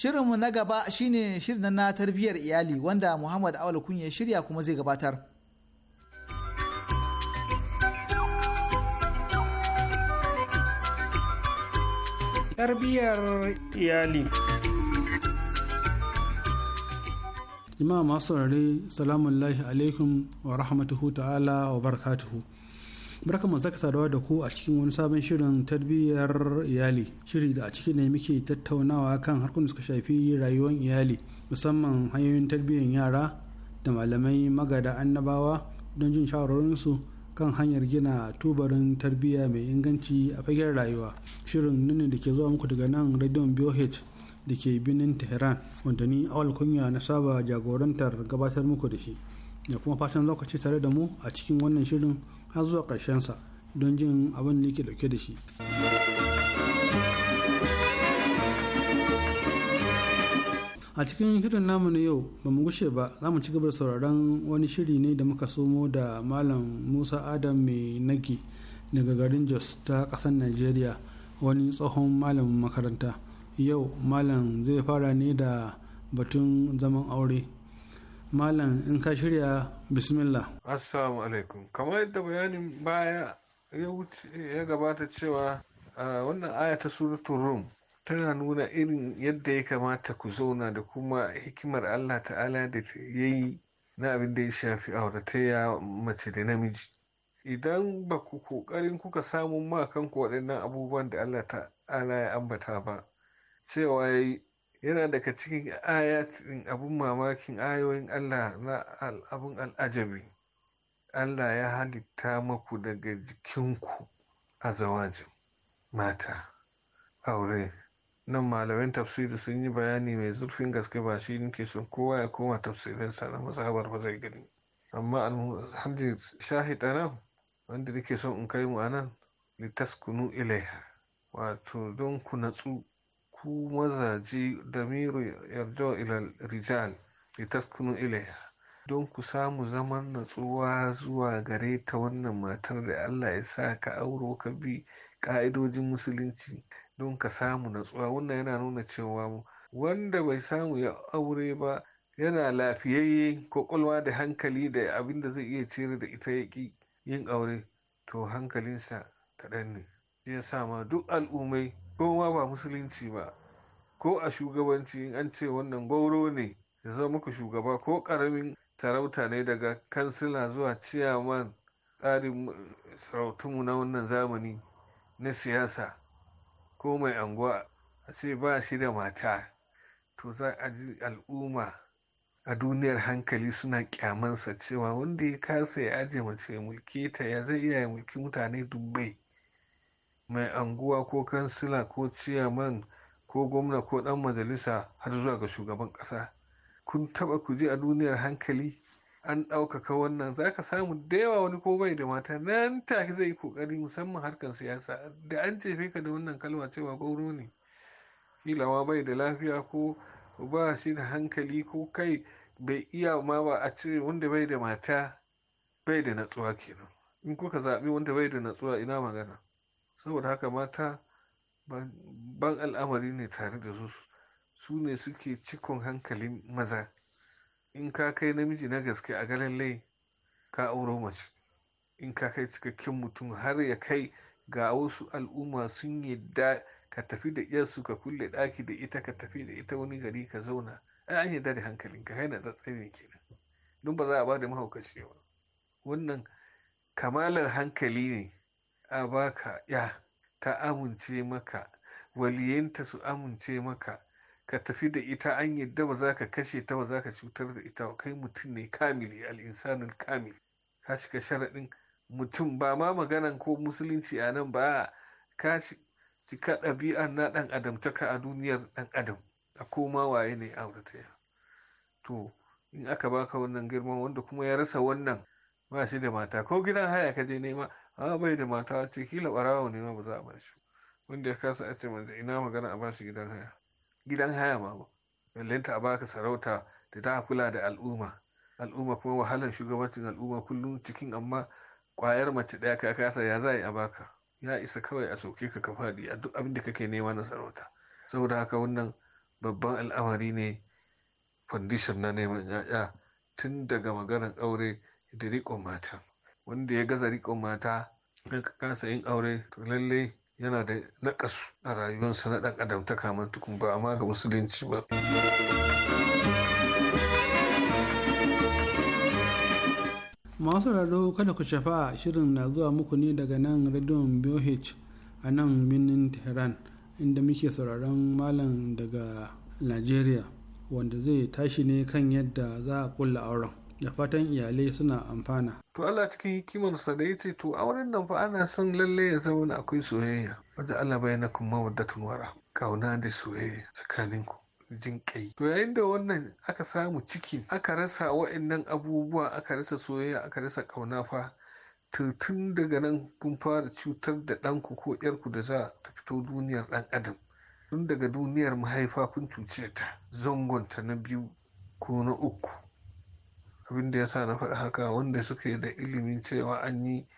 Shirinmu na gaba shine shirin na tarbiyyar iyali wanda Muhammad Awal Kunya shirya kuma zai gabatar. Tarbiyyar iyali. Jama'a masu saurare, salamun alaikum wa rahmatuhu ta'ala wa barakatuhu. barka mu zaka sadawa da ku a cikin wani sabon shirin tarbiyyar iyali shiri da a ciki ne muke tattaunawa kan harkokin da suka shafi rayuwar iyali musamman hanyoyin tarbiyyar yara da malamai magada annabawa don jin shawararinsu kan hanyar gina tubarin tarbiyya mai inganci a fagen rayuwa shirin nuni da ke zuwa muku daga nan radion boh da ke binin tehran wanda ni awal kunya na saba jagorantar gabatar muku da shi da kuma fatan lokaci tare da mu a cikin wannan shirin har zuwa ƙarshensa don jin abin da yake dauke da shi a cikin shirin namu na yau ba mu gushe ba za mu ci gaba da sauraron wani shiri ne da muka somo da malam musa adam mai nagi daga garin jos ta ƙasar nigeria wani tsohon malam makaranta yau malam zai fara ne da batun zaman aure malam in ka shirya bismillah assalamu alaikum kamar yadda bayanin baya ya gabata cewa wannan aya ta suratun rum tana nuna irin yadda ya kamata ku zauna da kuma hikimar allah ta'ala da ya yi na abin da ya shafi auratayya mace da namiji idan ba ku kokarin kuka samu ma kanku waɗannan abubuwan da allah ta'ala ya ambata ba cewa ya yi yana daga cikin ayatin abun mamakin ayoyin Allah na abun al'ajabi Allah ya halitta maku daga jikinku a zawajin mata aure nan malamin tafsiri sun yi bayani mai zurfin gaske ba shi nke son kowa ya koma tafsirinsa na mazhabar ba zai gani amma alhaji shahid nan, wanda nake son in kai mu anan litaskunu ilaiha wato don ku natsu ku mazaje damiru yarjo ilal rijal litaskunu ilaiha don ku samu zaman natsuwa zuwa gare ta wannan matar da Allah ya sa ka auro ka bi ka'idojin musulunci don ka samu natsuwa wannan yana nuna cewa wanda bai samu ya aure ba yana lafiyayye kwakwalwa da hankali da abin da zai iya cire da ita yaƙi yin aure to hankalinsa kaɗan ne ya sa ma duk al'ummai kowa ba musulunci ba ko a shugabanci in an ce wannan 'Goro ne ya zama muku shugaba ko karamin sarauta ne daga kansila zuwa ciyaman tsarin sarautunmu na wannan zamani na siyasa ko mai anguwa a ce ba shi da mata to za a ji al'umma a duniyar hankali suna kyamansa cewa wanda ya kasa ya ajiye mace mulki ta ya zai iya mulki mutane dubbai mai anguwa ko kansila ko ciyaman ko gwamna ko dan majalisa har zuwa ga shugaban kasa kun taba ku je a duniyar hankali an ɗaukaka wannan za ka samu da yawa wani ko bai da mata nan take zai yi ƙoƙari musamman harkar siyasa da an jefe ka da wannan kalma cewa gauro ne filawa bai da lafiya ko ba shi da hankali ko kai bai iya ma ba a ce wanda bai da mata bai da natsuwa kenan in kuka zaɓi wanda bai da natsuwa ina magana saboda haka mata ban al'amari ne tare da su su ne suke cikon hankalin maza in ka kai namiji na gaske a ga lai ka auro mace in ka kai cikakken mutum har ya kai ga wasu al'umma sun yadda ka tafi da iyarsu ka kulle ɗaki da ita ka tafi da ita wani gari ka zauna ai an yadda da ka, kai na tsatsai kenan don ba za a ba da mahaukaci ba wannan kamalar hankali ne a baka ya ta amince maka waliyanta su amince maka ka tafi da ita an yadda ba za ka kashe ta ba za ka cutar da ita kai mutum ne kamili al'insanin kamil ka shiga sharaɗin mutum ba ma maganan ko musulunci a nan ba ka cika ɗabi'ar na ɗan adamtaka a duniyar ɗan adam a koma waye ne ya to in aka baka wannan girma wanda kuma ya rasa wannan ba shi da mata ko gidan haya ka je nema a bai da mata ce kila barawo ne ma ba za a bar shi wanda ya kasa a ce da ina magana a bashi gidan haya gidan haya ma ba ballinta a baka sarauta da ta kula da al'umma al'umma kuma wahalar shugabancin al'umma kullum cikin amma kwayar mace ɗaya ka kasa ya za a baka ya isa kawai a sauke ka ka faɗi a duk abin da kake nema na sarauta saboda haka wannan babban al'amari ne fandishin na neman 'ya'ya tun daga maganar aure da riƙon mata wanda ya gaza riƙon mata ya kasa yin aure to lallai yana da naƙasu a rayuwarsa na ɗan adam ta kamar tukun ba amma ga musulunci ba. masu raro kada ku shafa shirin na zuwa muku ne daga nan radion BOH a nan birnin Tehran inda muke sauraron malam daga nigeria wanda zai tashi ne kan yadda za a kulla auren. da fatan iyalai suna amfana. To Allah cikin hikimarsa da ya ce to auren nan fa ana son lalle ya zama akwai soyayya. Wanda Allah bai na kuma waddatun wara. Kauna da soyayya tsakaninku. jin kai to yayin da wannan aka samu ciki aka rasa wa'annan abubuwa aka rasa soyayya aka rasa kauna fa tun daga nan kun fara cutar da ɗanku ko ƴarku da za ta fito duniyar ɗan adam tun daga duniyar mahaifa kun cuce ta zangonta na biyu ko na uku abin da ya sa na faɗi haka wanda suke da ilimin cewa an yi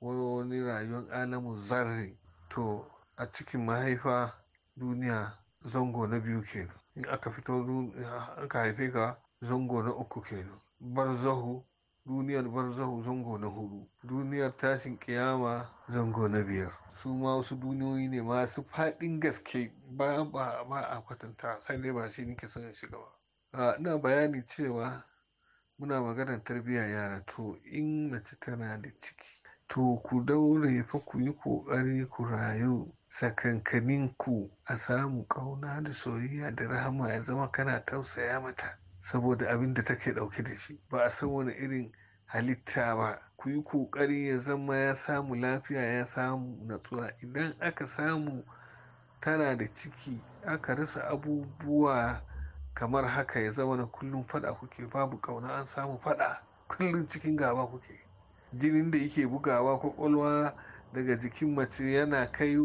wani rayuwar alamun zarri to a cikin mahaifa duniya zango na biyu ke in aka fito aka haife ka zango na uku ke barzahu duniyar barzahu zango na hudu duniyar tashin kiyama zango na biyar su ma wasu duniyoyi ne masu faɗin gaske ba a kwatanta sai dai ba shi nake son shiga ba ina bayani cewa muna maganar tarbiyyar yara to in mace tana da ciki to ku daure fa ku yi ƙoƙari ku rayu sakankanin ku a samu ƙauna da soyayya da rahama ya zama kana tausaya mata saboda abin da take ɗauke da shi ba a san wani irin halitta ba ku yi ƙoƙari ya zama ya samu lafiya ya samu natsuwa idan aka samu tana da ciki aka rasa abubuwa kamar haka ya zama na kullum fada kuke babu kauna an samu fada kullum cikin gaba kuke jinin da yake bugawa kwakwalwa daga jikin mace yana kai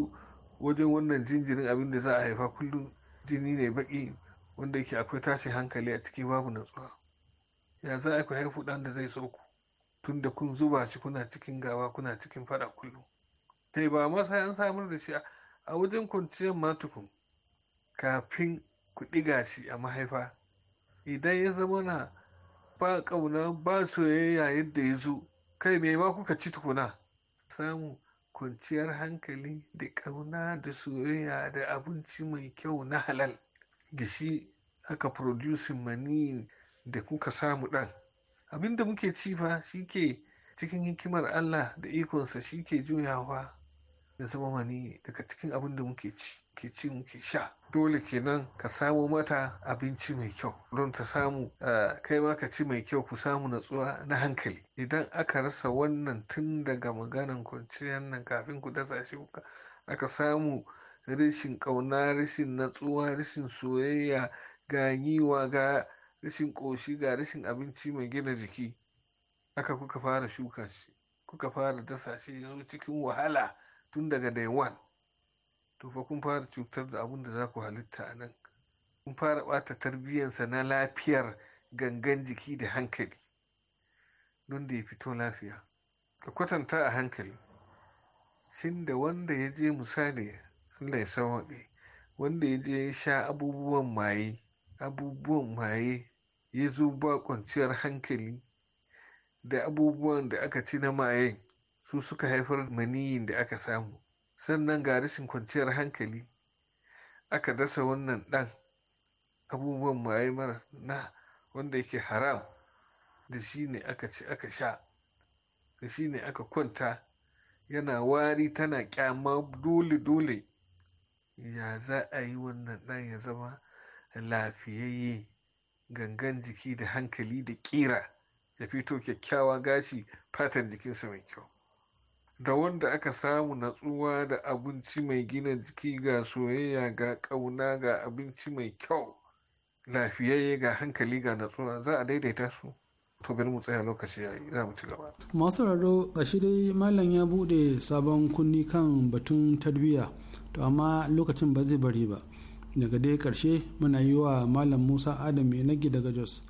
wajen wannan jinjirin abin da za a haifa kullum jini ne baki wanda yake akwai tashin hankali a ciki babu natsuwa ya za a ku haifu dan da zai so ku tun da kun zuba shi kuna cikin gawa kuna cikin fada kullum yi ba masa an samar da shi a wajen kwanciyar matukun kafin ku ɗiga shi a mahaifa idan ya zama na ba ƙauna ba soyayya yadda ya zo kai me ma kuka ci tukuna samu kwanciyar hankali da ƙauna da soyayya da abinci mai kyau na halal gishi aka producing mani da kuka samu ɗan abinda muke ci fa shi ke cikin hikimar Allah da ikonsa shi ke juyawa ya zama mani daga cikin abin da muke ci ke ci muke sha dole kenan ka samo mata abinci mai kyau don ta samu kai ma ka ci mai kyau ku samu natsuwa na hankali idan aka rasa wannan tun daga maganan kwanciyar nan kafin ku dasa shi aka samu rashin kauna rashin natsuwa rashin soyayya ga yiwa ga rashin ƙoshi ga rashin abinci mai gina jiki aka kuka fara shuka shi kuka fara dasa shi yanzu cikin wahala tun daga day one to fa kun fara cutar da abin da za ku halitta a nan kun fara ɓata tarbiyyansa na lafiyar gangan jiki da hankali don da ya fito lafiya ka kwatanta a hankali shin da wanda ya je misali allah ya sawaɗe wanda ya je ya sha abubuwan maye abubuwan maye ya zo ba kwanciyar hankali da abubuwan da aka ci na mayen su suka haifar maniyin da aka samu sannan ga rashin kwanciyar hankali aka dasa wannan ɗan abubuwan maye mara na wanda yake haram da shi ne aka ci aka sha da shi ne aka kwanta yana wari tana kyama dole dole ya za a yi wannan ɗan ya zama lafiyayye gangan jiki da hankali da ƙira ya fito kyakkyawa gashi fatan jikinsa mai kyau da wanda aka samu natsuwa da abinci mai gina jiki ga soyayya ga ƙauna ga abinci mai kyau lafiyayye ga hankali ga natsuwa za a daidaita su to bari mu tsaya lokaci ya yi mu ci gaba. masu raro gashi dai malam ya bude sabon kunni kan batun tarbiyya to amma lokacin ba zai bari ba daga dai karshe muna yi wa malam musa adam nagi daga jos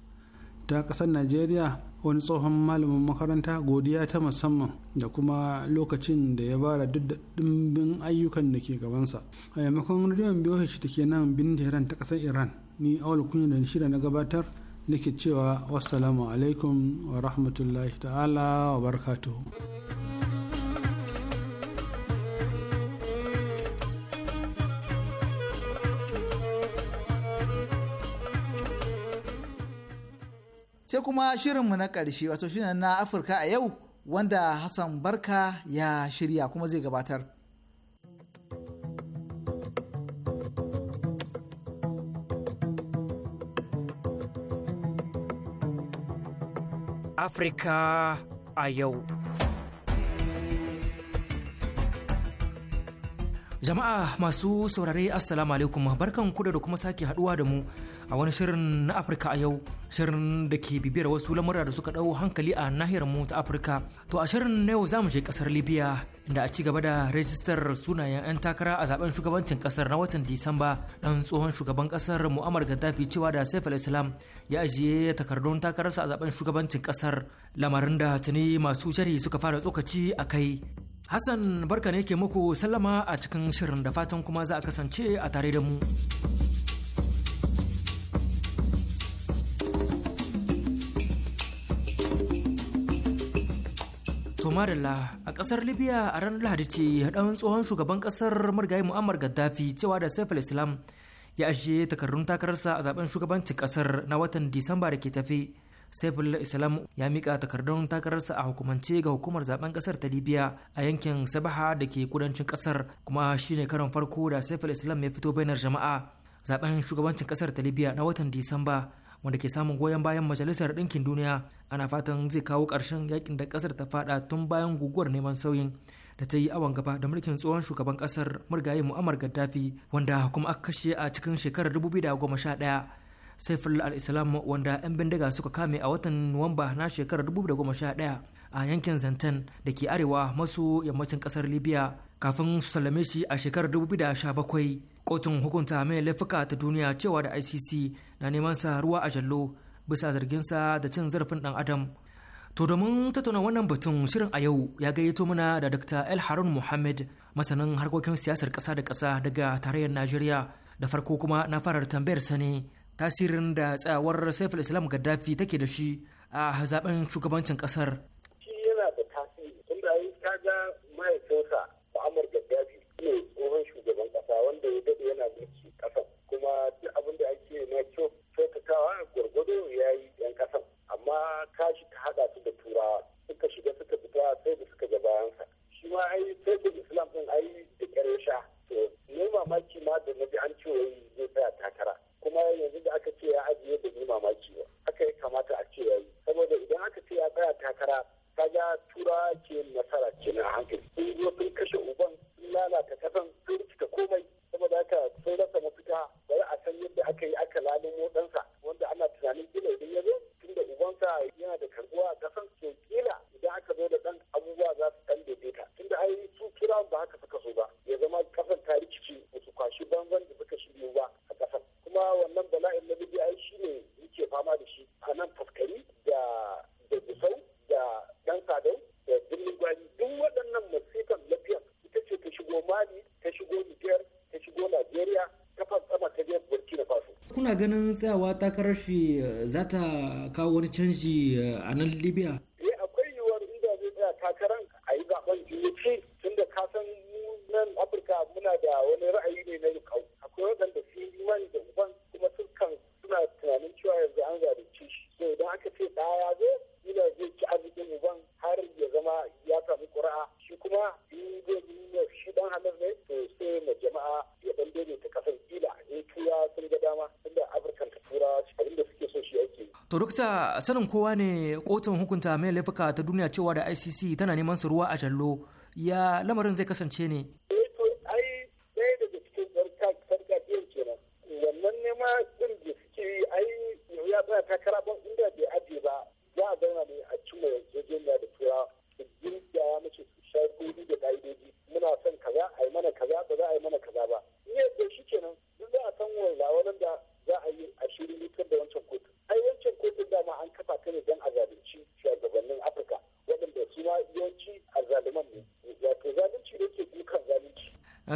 ta kasar najeriya wani tsohon malamin makaranta godiya ta musamman da kuma lokacin da ya bara duk dimbin ayyukan da ke gabansa a yamakon rediyon biyohish da ke nan bin tehran ta kasar iran ni awal kunya da shida na gabatar nake cewa wassalamu alaikum wa rahmatullahi ta'ala wa barakatuhu sai kuma shirinmu na ƙarshe wato shirin na afirka a yau wanda hassan barka ya shirya kuma zai gabatar afirka a yau Jama'a masu saurare Assalamu alaikum barkan kuda da kuma sake haduwa da mu a wani shirin na Afirka a yau shirin da ke bibiyar wasu lamura da suka dau hankali a nahiyar mu ta Afirka. To a shirin na yau zamu je kasar Libya inda a ci gaba da rajistar sunayen 'yan takara a zaben shugabancin kasar na watan Disamba dan tsohon shugaban kasar Muammar Gaddafi cewa da Saif islam ya ajiye takardun takararsa a zaben shugabancin kasar lamarin da tuni masu sharhi suka fara tsokaci a kai Hassan barka ne ke muku sallama a cikin shirin da fatan kuma za a kasance a tare da mu. Tomarilla a ƙasar Libya a ranar Lahadi ce ɗan tsohon shugaban ƙasar murgayi Muammar Gaddafi cewa da Saif Islam ya ajiye takardun takararsa a zaben shugabancin ƙasar na watan Disamba da ke tafe. saifullah islam ya mika takardun takararsa a hukumance ga hukumar zaben kasar ta libya a yankin sabaha da ke kudancin kasar kuma shine karon farko da saifullah islam ya fito bainar jama'a zaben shugabancin kasar ta libya na watan disamba wanda ke samun goyon bayan majalisar ɗinkin duniya ana fatan zai kawo ƙarshen yakin da kasar ta fada tun bayan guguwar neman sauyin da ta yi awon gaba da mulkin tsohon shugaban kasar murgaye mu'ammar gaddafi wanda kuma aka kashe a cikin shekarar 2011 saifullah al-islam wanda 'yan bindiga suka kame a watan nuwamba na shekarar 2011 a yankin zantan da ke arewa maso yammacin kasar libya kafin su sallame shi a shekarar 2017 kotun hukunta mai laifuka ta duniya cewa da icc na neman sa ruwa a jallo bisa zarginsa da cin zarafin dan adam To domin tattauna wannan batun shirin a yau ya gayyato mana da Dr. El Harun Muhammad masanin harkokin siyasar ƙasa da kasa daga tarayyar Najeriya da farko kuma na farar tambayar sa ne tasirin da tsayawar saiful islam gaddafi take da shi a zaben shugabancin kasar shi yana da tasiri tunda yi kaga mahaifinsa mu'ammar gaddafi ne tsohon shugaban kasa wanda ya dade yana mulki kasar kuma duk abin da ake na kyautatawa gwargwado ya yi yan kasar amma kashi ta haɗa su da turawa suka shiga suka fita sai da suka ga bayansa shi ma ai sai kuna ganin tsayawa takarar shi eh, za ta kawo wani canji eh, a nan libya sanin kowa ne kotun hukunta mai laifuka ta duniya cewa da icc tana neman su ruwa a jallo ya lamarin zai kasance ne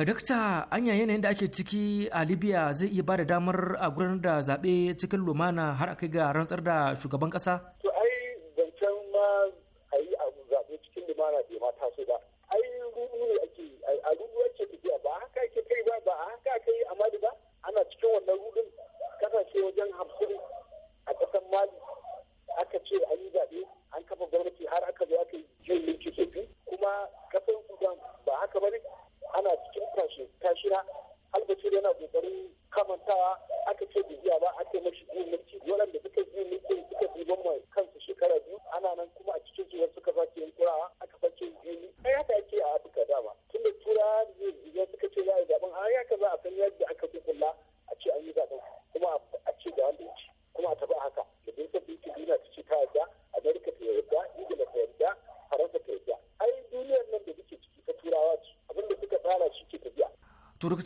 Eh, dakta anya yanayin da ake ciki a libya zai iya ba da damar a gudanar da zaɓe cikin lumana har a kai ga rantsar da shugaban ƙasa I aka ce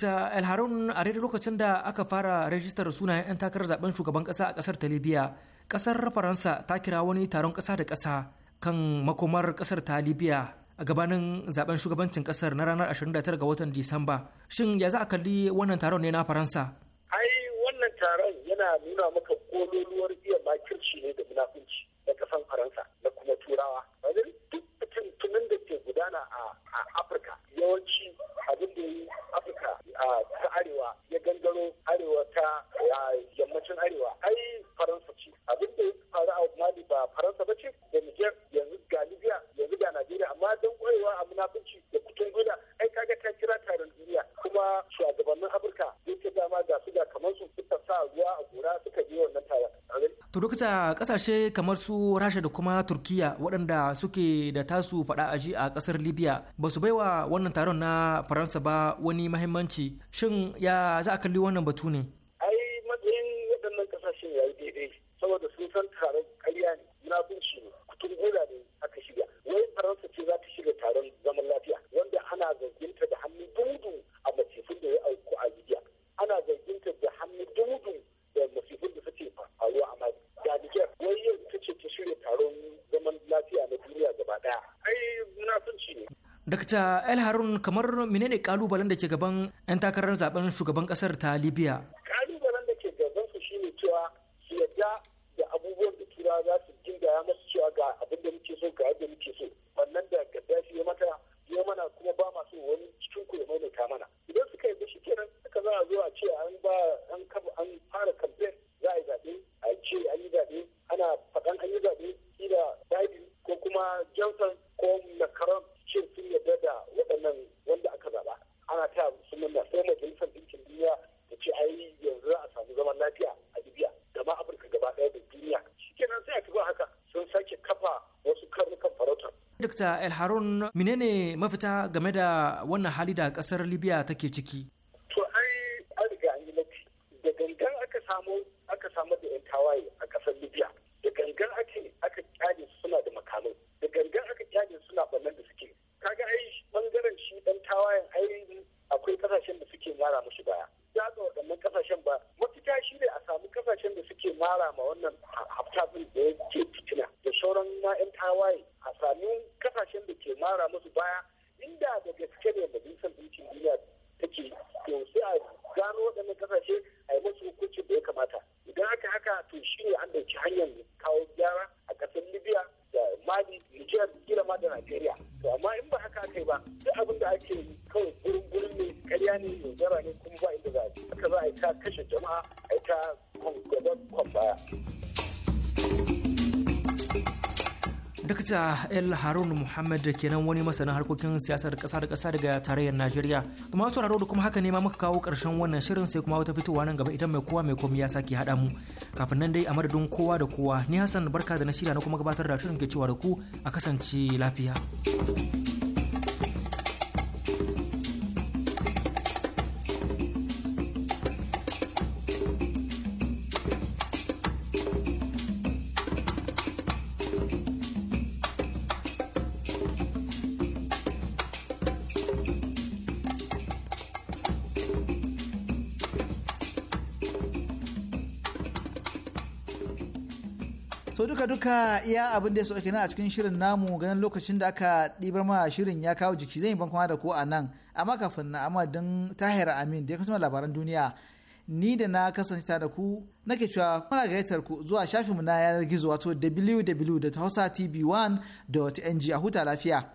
Dr. El Harun a daidai lokacin da aka fara rajistar sunayen 'yan takarar zaben shugaban kasa a kasar ta Libya, kasar Faransa ta kira wani taron kasa da kasa kan makomar kasar ta Libya a gabanin zaben shugabancin kasar na ranar 29 ga watan Disamba. Shin ya za a kalli wannan taron ne na Faransa? Ai wannan taron yana nuna maka kololuwar iya makirci ne da kasashe kamar su rasha da kuma turkiya waɗanda suke da tasu faɗa aji a ƙasar libya ba su baiwa wannan taron na faransa ba wani mahimmanci shin ya za a kalli wannan batu ne Dr. El Harun kamar menene kalubalen da ke gaban 'yan takarar zaben shugaban kasar ta Libya? Dr. El Harun menene mafita game da wannan hali da kasar Libya take ciki? Ismail harun muhammad kenan wani masana harkokin siyasar kasa da kasa daga tarayyar najeriya kuma masu sauraro da kuma haka ne ma muka kawo karshen wannan shirin sai kuma wata fitowa nan gaba idan mai kowa mai komai ya sake haɗa mu kafin nan dai a madadin kowa da kowa ni hassan barka da na shirya na kuma gabatar da shirin ke cewa da ku a kasance lafiya. ka iya abin da ya sauke na a cikin shirin namu ganin lokacin da aka ɗibar ma shirin ya kawo jiki zan yi kuma da ku a nan amma kafin na amma don tahir amin da ya kasance labaran duniya ni da na kasance ta da ku nake cewa kuna gayyatar ku zuwa shafinmu na yanar gizo wato www.hausatv1.ng a huta lafiya.